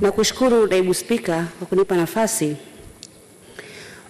Nakushukuru Naibu Spika kwa kunipa nafasi.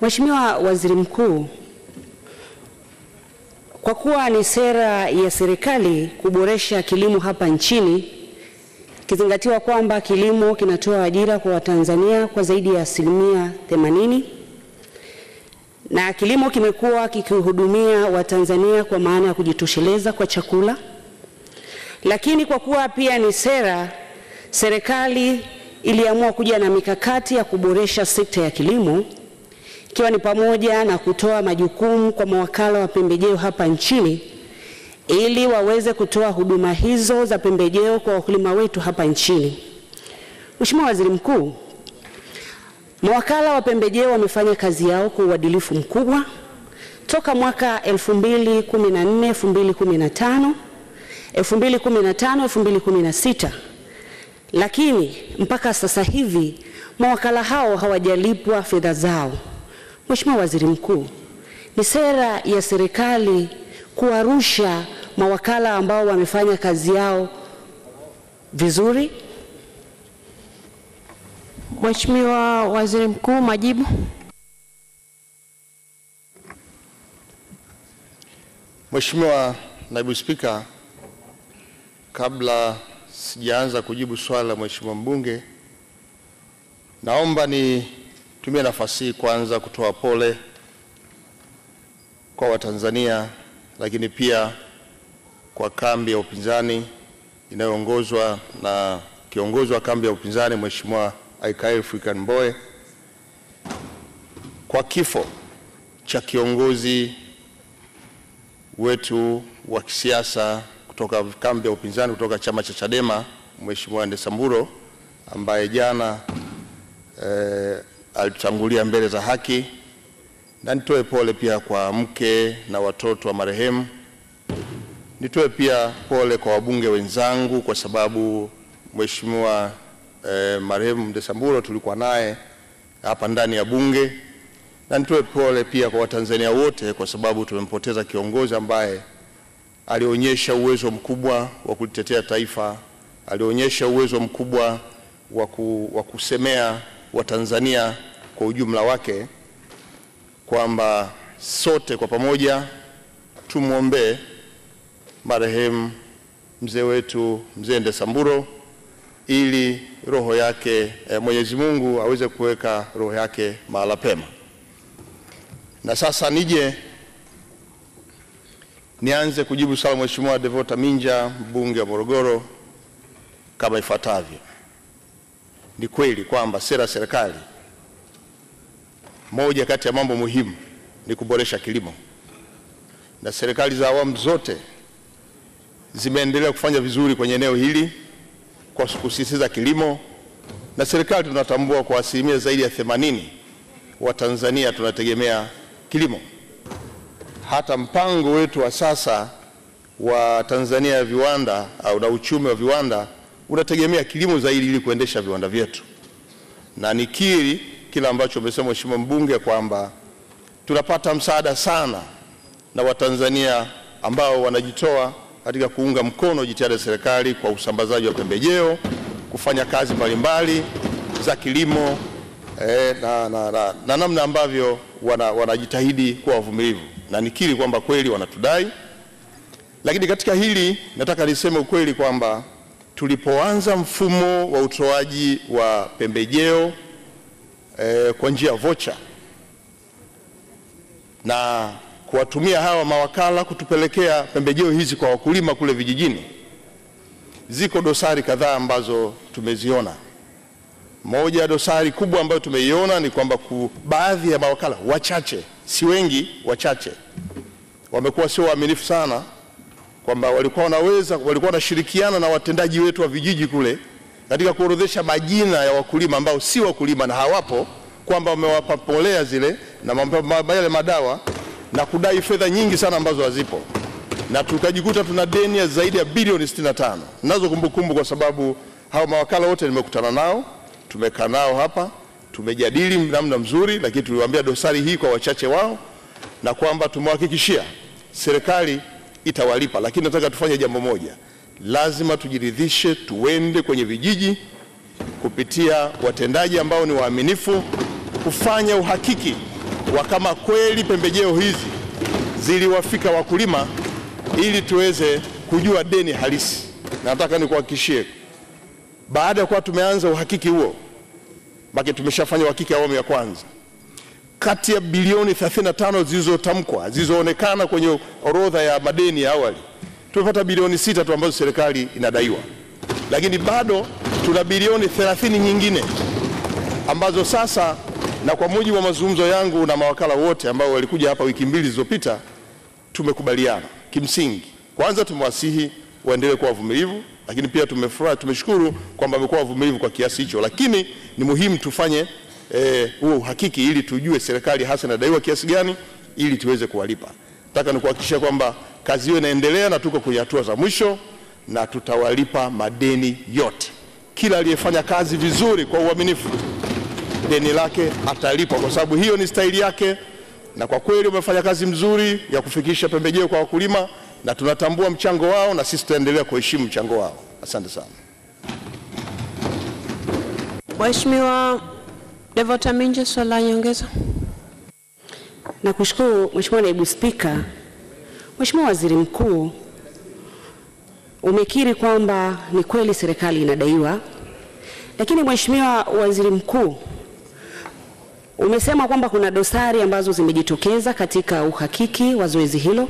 Mheshimiwa Waziri Mkuu, kwa kuwa ni sera ya serikali kuboresha kilimo hapa nchini, ikizingatiwa kwamba kilimo kinatoa ajira kwa Watanzania kwa zaidi ya asilimia 80 na kilimo kimekuwa kikihudumia Watanzania kwa maana ya kujitosheleza kwa chakula, lakini kwa kuwa pia ni sera serikali iliamua kuja na mikakati ya kuboresha sekta ya kilimo ikiwa ni pamoja na kutoa majukumu kwa mawakala wa pembejeo hapa nchini ili waweze kutoa huduma hizo za pembejeo kwa wakulima wetu hapa nchini. Mheshimiwa Waziri Mkuu, mawakala wa pembejeo wamefanya kazi yao kwa uadilifu mkubwa toka mwaka 2014, 2015, 2015, 2016 lakini mpaka sasa hivi mawakala hao hawajalipwa fedha zao. Mheshimiwa Waziri Mkuu, ni sera ya serikali kuwarusha mawakala ambao wamefanya kazi yao vizuri? Mheshimiwa Waziri Mkuu, majibu. Mheshimiwa Naibu Spika, kabla sijaanza kujibu swali la mheshimiwa mbunge, naomba nitumie nafasi hii kwanza kutoa pole kwa Watanzania, lakini pia kwa kambi ya upinzani inayoongozwa na kiongozi wa kambi ya upinzani Mheshimiwa Aikael Freeman Mbowe kwa kifo cha kiongozi wetu wa kisiasa kutoka kambi ya upinzani kutoka chama cha Chadema Mheshimiwa Ndesamburo ambaye jana e, alitangulia mbele za haki, na nitoe pole pia kwa mke na watoto wa marehemu. Nitoe pia pole kwa wabunge wenzangu kwa sababu Mheshimiwa e, marehemu Ndesamburo tulikuwa naye hapa ndani ya Bunge, na nitoe pole pia kwa Watanzania wote kwa sababu tumempoteza kiongozi ambaye alionyesha uwezo mkubwa wa kulitetea taifa, alionyesha uwezo mkubwa wa kusemea Watanzania kwa ujumla wake, kwamba sote kwa pamoja tumwombee marehemu mzee wetu Mzee Ndesamburo ili roho yake e, Mwenyezi Mungu aweze kuweka roho yake mahala pema. Na sasa nije Nianze kujibu swali Mheshimiwa Devota Minja, mbunge wa Morogoro, kama ifuatavyo. Ni kweli kwamba sera ya serikali, moja kati ya mambo muhimu ni kuboresha kilimo, na serikali za awamu zote zimeendelea kufanya vizuri kwenye eneo hili kwa kusisitiza kilimo, na serikali tunatambua kwa asilimia zaidi ya 80 wa Tanzania tunategemea kilimo hata mpango wetu wa sasa wa Tanzania ya viwanda au na uchumi wa viwanda unategemea kilimo zaidi ili kuendesha viwanda vyetu, na nikiri kila ambacho umesema Mheshimiwa mbunge kwamba tunapata msaada sana na Watanzania ambao wanajitoa katika kuunga mkono jitihada za serikali kwa usambazaji wa pembejeo, kufanya kazi mbalimbali za kilimo eh, na, na, na, na namna ambavyo wanajitahidi wana kuwa wavumilivu na nikiri kwamba kweli wanatudai, lakini katika hili nataka niseme ukweli kwamba tulipoanza mfumo wa utoaji wa pembejeo eh, kwa njia vocha na kuwatumia hawa mawakala kutupelekea pembejeo hizi kwa wakulima kule vijijini, ziko dosari kadhaa ambazo tumeziona. Moja ya dosari kubwa ambayo tumeiona ni kwamba baadhi ya mawakala wachache si wengi, wachache wamekuwa sio waaminifu sana, kwamba walikuwa wanaweza, walikuwa wanashirikiana na watendaji wetu wa vijiji kule katika kuorodhesha majina ya wakulima ambao si wakulima na hawapo, kwamba wamewapa zile na yale madawa na kudai fedha nyingi sana ambazo hazipo, na tukajikuta tuna deni ya zaidi ya bilioni 65. Nazo kumbukumbu, kwa sababu hao mawakala wote nimekutana nao, tumekaa nao hapa. Tumejadili namna mzuri, lakini tuliwaambia dosari hii kwa wachache wao na kwamba tumewahakikishia serikali itawalipa, lakini nataka tufanye jambo moja, lazima tujiridhishe, tuende kwenye vijiji kupitia watendaji ambao ni waaminifu kufanya uhakiki wa kama kweli pembejeo hizi ziliwafika wakulima ili tuweze kujua deni halisi. nataka nikuhakikishie, baada ya kuwa tumeanza uhakiki huo maki tumeshafanya uhakiki awamu ya kwanza. Kati ya bilioni 35 zilizotamkwa zilizoonekana kwenye orodha ya madeni ya awali tumepata bilioni sita tu ambazo serikali inadaiwa, lakini bado tuna bilioni 30 nyingine ambazo sasa, na kwa mujibu wa mazungumzo yangu na mawakala wote ambao walikuja hapa wiki mbili zilizopita, tumekubaliana kimsingi, kwanza tumewasihi waendelee kuwa wavumilivu lakini pia tumefurahi, tumeshukuru kwamba amekuwa wavumilivu kwa kiasi hicho, lakini ni muhimu tufanye eh, huo e, uhakiki ili tujue serikali hasa inadaiwa kiasi gani ili tuweze kuwalipa. Nataka nikuhakikishia kwamba kazi hiyo inaendelea na tuko kwenye hatua za mwisho na tutawalipa madeni yote. Kila aliyefanya kazi vizuri kwa uaminifu, deni lake atalipwa, kwa sababu hiyo ni staili yake. Na kwa kweli umefanya kazi mzuri ya kufikisha pembejeo kwa wakulima na tunatambua mchango wao na sisi tutaendelea kuheshimu mchango wao. Asante sana Mheshimiwa Devota Minja, swali la nyongeza. Nakushukuru Mheshimiwa Naibu Spika. Mheshimiwa Waziri Mkuu, umekiri kwamba ni kweli serikali inadaiwa, lakini Mheshimiwa Waziri Mkuu, umesema kwamba kuna dosari ambazo zimejitokeza katika uhakiki wa zoezi hilo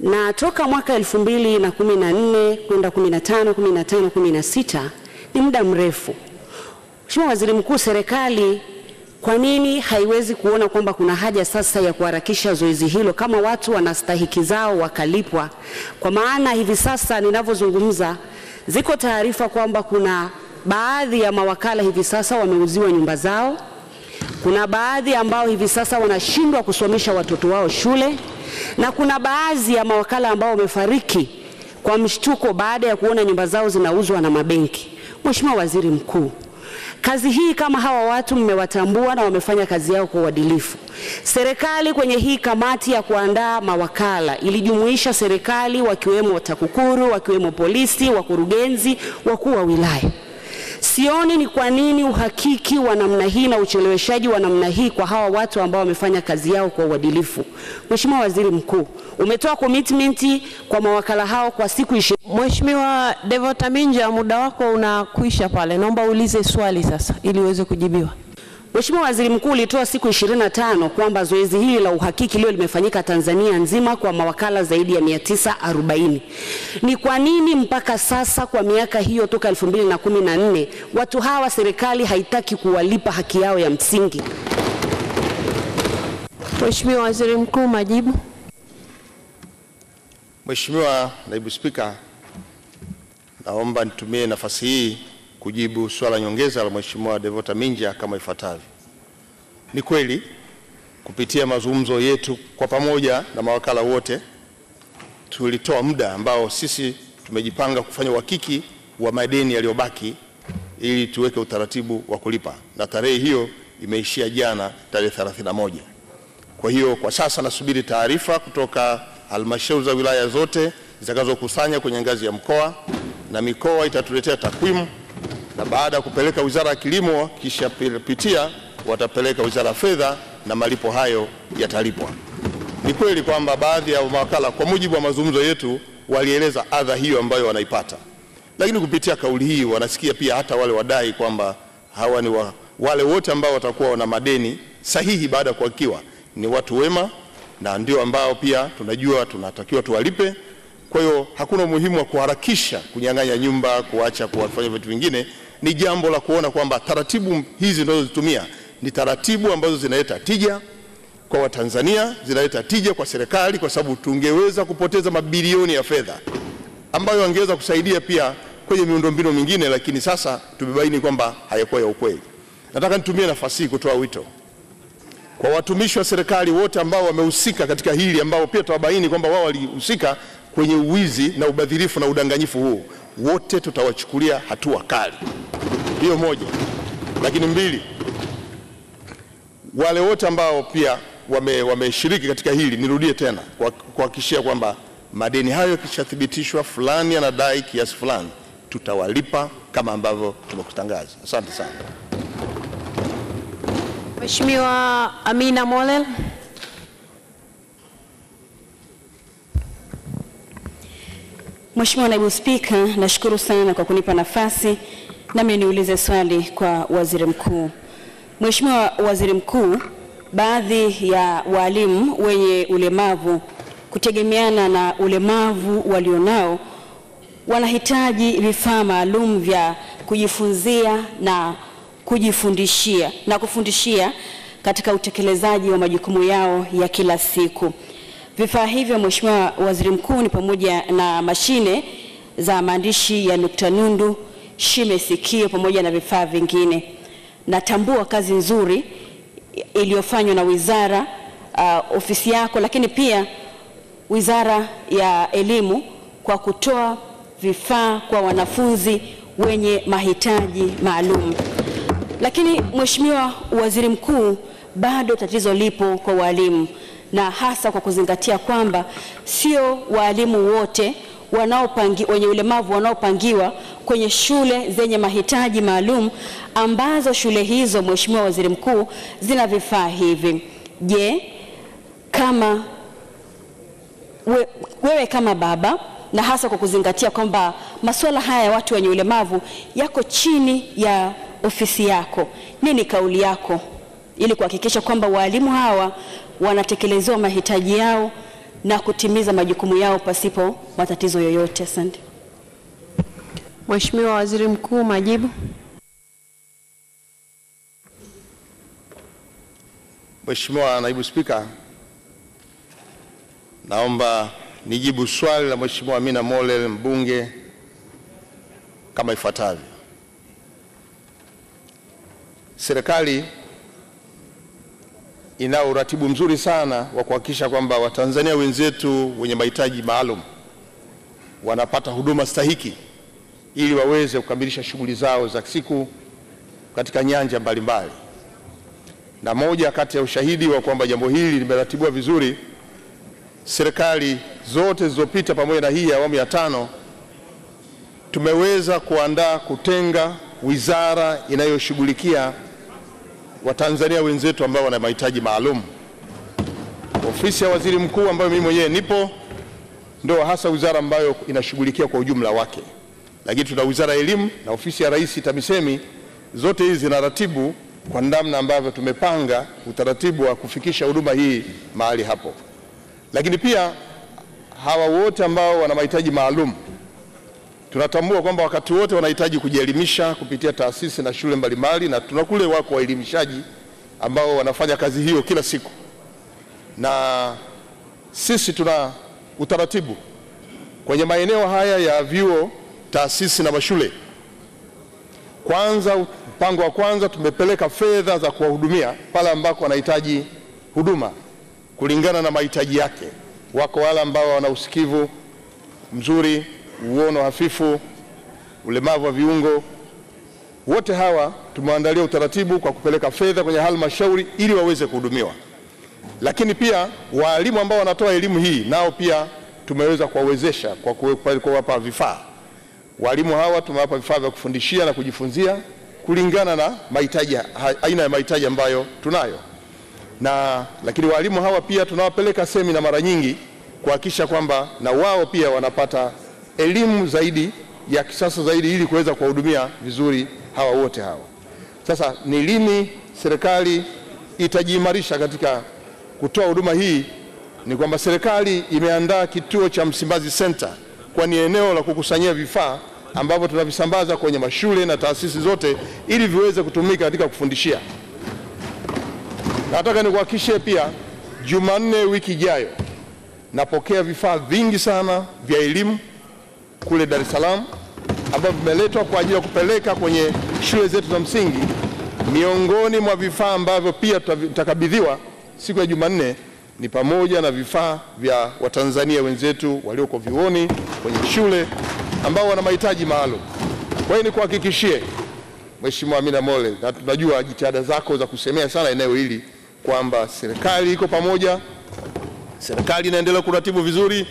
na toka mwaka elfu mbili na kumi na nne kwenda kumi na tano kumi na tano kumi na sita ni muda mrefu. Mheshimiwa Waziri Mkuu, serikali kwa nini haiwezi kuona kwamba kuna haja sasa ya kuharakisha zoezi hilo kama watu wanastahiki zao wakalipwa? Kwa maana hivi sasa ninavyozungumza, ziko taarifa kwamba kuna baadhi ya mawakala hivi sasa wameuziwa nyumba zao, kuna baadhi ambao hivi sasa wanashindwa kusomesha watoto wao shule na kuna baadhi ya mawakala ambao wamefariki kwa mshtuko baada ya kuona nyumba zao zinauzwa na mabenki. Mheshimiwa Waziri Mkuu, kazi hii kama hawa watu mmewatambua na wamefanya kazi yao kwa uadilifu. Serikali kwenye hii kamati ya kuandaa mawakala ilijumuisha serikali, wakiwemo TAKUKURU, wakiwemo polisi, wakurugenzi, wakuu wa wilaya. Sioni ni kwa nini uhakiki wa namna hii na ucheleweshaji wa namna hii kwa hawa watu ambao wamefanya kazi yao kwa uadilifu. Mheshimiwa Waziri Mkuu, umetoa commitment kwa mawakala hao kwa siku 20. Mheshimiwa Devota Minja, muda wako unakwisha pale, naomba uulize swali sasa ili uweze kujibiwa. Mheshimiwa Waziri Mkuu, ulitoa siku 25 kwamba zoezi hili la uhakiki leo limefanyika Tanzania nzima kwa mawakala zaidi ya 940. Ni kwa nini mpaka sasa kwa miaka hiyo toka 2014 watu hawa serikali haitaki kuwalipa haki yao ya msingi? Mheshimiwa Waziri Mkuu, majibu. Mheshimiwa Naibu Spika, naomba nitumie nafasi hii kujibu swala nyongeza la Mheshimiwa Devota Minja kama ifuatavyo. Ni kweli kupitia mazungumzo yetu kwa pamoja na mawakala wote tulitoa muda ambao sisi tumejipanga kufanya uhakiki wa madeni yaliyobaki ili tuweke utaratibu wa kulipa, na tarehe hiyo imeishia jana tarehe 31. Kwa hiyo kwa sasa nasubiri taarifa kutoka halmashauri za wilaya zote zitakazokusanya kwenye ngazi ya mkoa na mikoa itatuletea takwimu na baada ya kupeleka wizara ya kilimo, kisha pitia watapeleka wizara ya fedha na malipo hayo yatalipwa. Ni kweli kwamba baadhi ya mawakala kwa mujibu wa mazungumzo yetu walieleza adha hiyo ambayo wanaipata, lakini kupitia kauli hii wanasikia pia hata wale wadai kwamba hawa ni wa, wale wote ambao watakuwa wana madeni sahihi baada ya kuhakikiwa ni watu wema na ndio ambao pia tunajua tunatakiwa tuwalipe. Kwa hiyo hakuna umuhimu wa kuharakisha kunyang'anya nyumba, kuacha, kuwafanya vitu vingine ni jambo la kuona kwamba taratibu hizi zinazozitumia ni taratibu ambazo zinaleta tija kwa Watanzania, zinaleta tija kwa serikali, kwa sababu tungeweza kupoteza mabilioni ya fedha ambayo angeweza kusaidia pia kwenye miundombinu mingine, lakini sasa tumebaini kwamba hayakuwa ya ukweli. Nataka nitumie nafasi hii kutoa wito kwa watumishi wa serikali wote ambao wamehusika katika hili, ambao pia tunabaini kwamba wao walihusika kwenye uwizi na ubadhirifu na udanganyifu huu, wote tutawachukulia hatua kali. Hiyo moja. Lakini mbili, wale wote ambao pia wameshiriki wame katika hili, nirudie tena kuhakikishia kwamba madeni hayo yakishathibitishwa fulani anadai kiasi fulani, tutawalipa kama ambavyo tumekutangaza. Asante sana Mheshimiwa Amina Molel. Mheshimiwa Naibu Spika, nashukuru sana kwa kunipa nafasi nami niulize swali kwa Waziri Mkuu. Mheshimiwa Waziri Mkuu, baadhi ya walimu wenye ulemavu kutegemeana na ulemavu walionao wanahitaji vifaa maalum vya kujifunzia na kujifundishia na kufundishia katika utekelezaji wa majukumu yao ya kila siku. Vifaa hivyo Mheshimiwa Waziri Mkuu, ni pamoja na mashine za maandishi ya nukta nundu, shime sikio, pamoja na vifaa vingine. Natambua kazi nzuri iliyofanywa na wizara uh, ofisi yako, lakini pia Wizara ya Elimu kwa kutoa vifaa kwa wanafunzi wenye mahitaji maalum. Lakini Mheshimiwa Waziri Mkuu, bado tatizo lipo kwa walimu na hasa kwa kuzingatia kwamba sio waalimu wote wanaopangi, wenye ulemavu wanaopangiwa kwenye shule zenye mahitaji maalum ambazo shule hizo, Mheshimiwa Waziri Mkuu, zina vifaa hivi. Je, kama we, wewe kama baba na hasa kwa kuzingatia kwamba masuala haya ya watu wenye ulemavu yako chini ya ofisi yako, nini kauli yako ili kuhakikisha kwamba waalimu hawa wanatekelezewa mahitaji yao na kutimiza majukumu yao pasipo matatizo yoyote. Asante. Mheshimiwa Waziri Mkuu, majibu. Mheshimiwa Naibu Spika, naomba nijibu swali la Mheshimiwa Amina Mollel mbunge kama ifuatavyo. Serikali inao uratibu mzuri sana wa kuhakikisha kwamba Watanzania wenzetu wenye mahitaji maalum wanapata huduma stahiki ili waweze kukamilisha shughuli zao za siku katika nyanja mbalimbali mbali. Na moja kati ya ushahidi wa kwamba jambo hili limeratibiwa vizuri, serikali zote zilizopita pamoja na hii ya awamu ya tano tumeweza kuandaa kutenga wizara inayoshughulikia Watanzania wenzetu ambao wana mahitaji maalum. Ofisi ya Waziri Mkuu ambayo mimi mwenyewe nipo ndo hasa wizara ambayo inashughulikia kwa ujumla wake, lakini tuna wizara ya elimu na ofisi ya Rais TAMISEMI. Zote hizi zinaratibu kwa namna ambavyo tumepanga utaratibu wa kufikisha huduma hii mahali hapo, lakini pia hawa wote ambao wana mahitaji maalum Tunatambua kwamba wakati wote wanahitaji kujielimisha kupitia taasisi na shule mbalimbali, na tuna kule wako waelimishaji ambao wanafanya kazi hiyo kila siku, na sisi tuna utaratibu kwenye maeneo haya ya vyuo, taasisi na mashule. Kwanza, mpango wa kwanza tumepeleka fedha za kuwahudumia pale ambako wanahitaji huduma kulingana na mahitaji yake. Wako wale ambao wana usikivu mzuri uono hafifu, ulemavu wa viungo, wote hawa tumewaandalia utaratibu kwa kupeleka fedha kwenye halmashauri ili waweze kuhudumiwa. Lakini pia waalimu ambao wanatoa elimu hii nao pia tumeweza kuwawezesha kwa kuwapa vifaa. Waalimu hawa tumewapa vifaa vya kufundishia na kujifunzia kulingana na mahitaji, aina ya mahitaji ambayo tunayo na lakini waalimu hawa pia tunawapeleka semina mara nyingi kuhakikisha kwamba na wao pia wanapata elimu zaidi ya kisasa zaidi ili kuweza kuwahudumia vizuri hawa wote hawa. Sasa ni lini serikali itajiimarisha katika kutoa huduma hii? Ni kwamba serikali imeandaa kituo cha Msimbazi Center, kwa ni eneo la kukusanyia vifaa ambavyo tunavisambaza kwenye mashule na taasisi zote ili viweze kutumika katika kufundishia. Nataka nikuhakikishie pia, Jumanne wiki ijayo napokea vifaa vingi sana vya elimu kule Dar es Salaam ambavyo vimeletwa kwa ajili ya kupeleka kwenye shule zetu za msingi. Miongoni mwa vifaa ambavyo pia tutakabidhiwa siku ya Jumanne ni pamoja na vifaa vya Watanzania wenzetu walioko vioni kwenye shule ambao wana mahitaji maalum. Kwa hiyo nikuhakikishie Mheshimiwa Amina Mole, na tunajua jitihada zako za kusemea sana eneo hili, kwamba serikali iko pamoja, serikali inaendelea kuratibu vizuri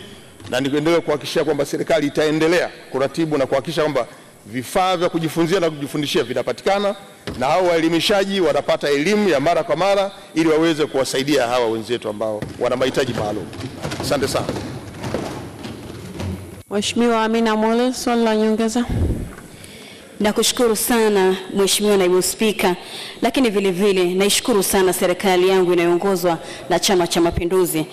na niendelee kuhakikishia kwamba serikali itaendelea kuratibu na kuhakikisha kwamba vifaa vya kujifunzia na kujifundishia vinapatikana na hao waelimishaji wanapata elimu ya mara kwa mara ili waweze kuwasaidia hawa wenzetu ambao wana mahitaji maalum. Asante sana. Mheshimiwa Amina Mole, swali la nyongeza. Nakushukuru sana Mheshimiwa Naibu Spika, lakini vile vile naishukuru sana serikali yangu inayoongozwa na Chama cha Mapinduzi.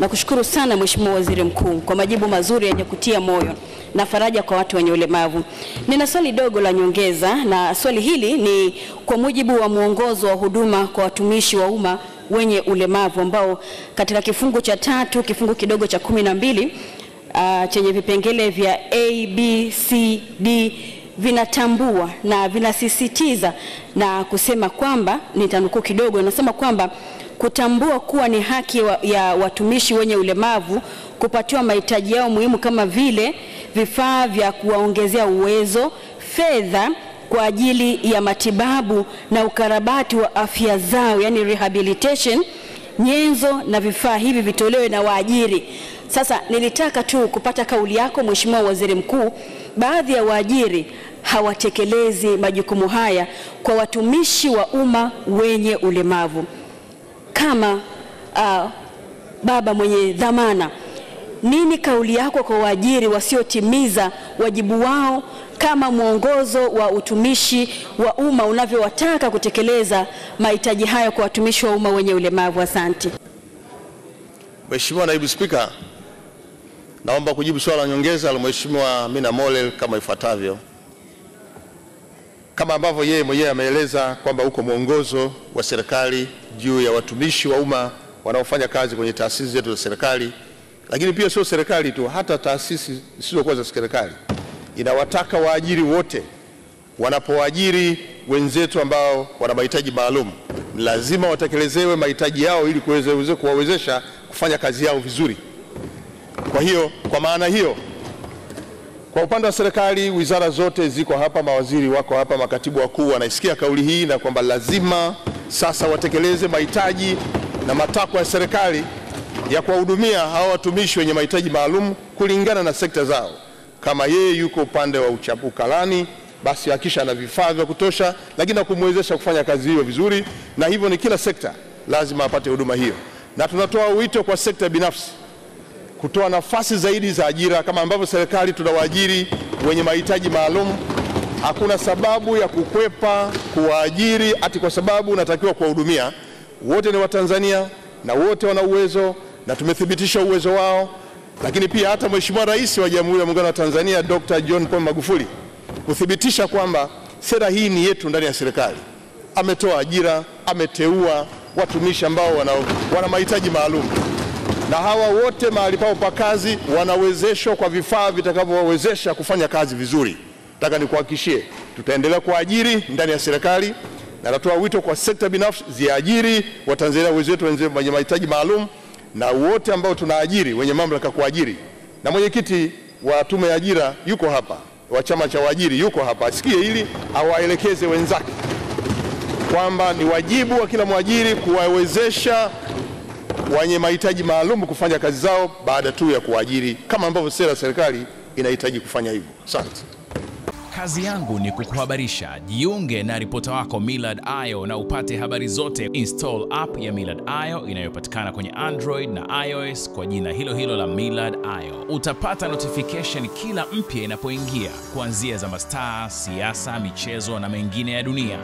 Nakushukuru sana Mheshimiwa Waziri Mkuu kwa majibu mazuri yenye kutia moyo na faraja kwa watu wenye ulemavu. Nina swali dogo la nyongeza, na swali hili ni kwa mujibu wa mwongozo wa huduma kwa watumishi wa umma wenye ulemavu ambao katika kifungu cha tatu kifungu kidogo cha kumi na mbili uh, chenye vipengele vya A, B, C, D vinatambua na vinasisitiza na kusema kwamba, nitanukuu kidogo, nasema kwamba kutambua kuwa ni haki wa, ya watumishi wenye ulemavu kupatiwa mahitaji yao muhimu kama vile vifaa vya kuwaongezea uwezo, fedha kwa ajili ya matibabu na ukarabati wa afya zao, yani rehabilitation, nyenzo na vifaa hivi vitolewe na waajiri. Sasa nilitaka tu kupata kauli yako Mheshimiwa Waziri Mkuu, baadhi ya waajiri hawatekelezi majukumu haya kwa watumishi wa umma wenye ulemavu. Kama uh, baba mwenye dhamana, nini kauli yako kwa waajiri wasiotimiza wajibu wao kama mwongozo wa utumishi wa umma unavyowataka kutekeleza mahitaji hayo kwa watumishi wa umma wenye ulemavu? Asante. Mheshimiwa Naibu Spika, naomba kujibu swala la nyongeza la Mheshimiwa mina molel kama ifuatavyo kama ambavyo yeye mwenyewe ameeleza kwamba uko mwongozo wa serikali juu ya watumishi wa umma wanaofanya kazi kwenye taasisi zetu za serikali, lakini pia sio serikali tu, hata taasisi zisizokuwa za serikali. Inawataka waajiri wote wanapoajiri wenzetu ambao wana mahitaji maalum, lazima watekelezewe mahitaji yao ili kuwawezesha kufanya kazi yao vizuri. Kwa hiyo, kwa maana hiyo kwa upande wa serikali, wizara zote ziko hapa, mawaziri wako hapa, makatibu wakuu wanaisikia kauli hii na kwamba lazima sasa watekeleze mahitaji na matakwa ya serikali ya kuwahudumia hawa watumishi wenye mahitaji maalum kulingana na sekta zao. Kama yeye yuko upande wa uchapu kalani, basi hakisha ana vifaa vya kutosha, lakini na kumwezesha kufanya kazi hiyo vizuri, na hivyo ni kila sekta lazima apate huduma hiyo, na tunatoa wito kwa sekta binafsi kutoa nafasi zaidi za ajira kama ambavyo serikali tunawaajiri wenye mahitaji maalum. Hakuna sababu ya kukwepa kuwaajiri ati kwa sababu unatakiwa kuwahudumia. Wote ni Watanzania na wote wana uwezo na tumethibitisha uwezo wao, lakini pia hata Mheshimiwa Rais wa Jamhuri ya Muungano wa Tanzania Dr. John Pombe Magufuli kuthibitisha kwamba sera hii ni yetu ndani ya serikali. Ametoa ajira, ameteua watumishi ambao wana, wana mahitaji maalum na hawa wote mahali pao pa kazi wanawezeshwa kwa vifaa vitakavyowawezesha kufanya kazi vizuri. Nataka nikuhakikishie tutaendelea kuajiri ndani ya serikali, na natoa wito kwa sekta binafsi ziajiri Watanzania wenzetu wenye mahitaji maalum na wote ambao tunaajiri wenye mamlaka kuajiri. Na mwenyekiti wa tume ya ajira yuko hapa, wa chama cha waajiri yuko hapa, asikie hili awaelekeze wenzake kwamba ni wajibu wa kila mwajiri kuwawezesha wenye mahitaji maalum kufanya kazi zao baada tu ya kuajiri kama ambavyo sera ya serikali inahitaji kufanya hivyo. Asante. Kazi yangu ni kukuhabarisha. Jiunge na ripota wako Millard Ayo na upate habari zote. Install app ya Millard Ayo inayopatikana kwenye Android na iOS kwa jina hilo hilo la Millard Ayo. Utapata notification kila mpya inapoingia, kuanzia za mastaa, siasa, michezo na mengine ya dunia.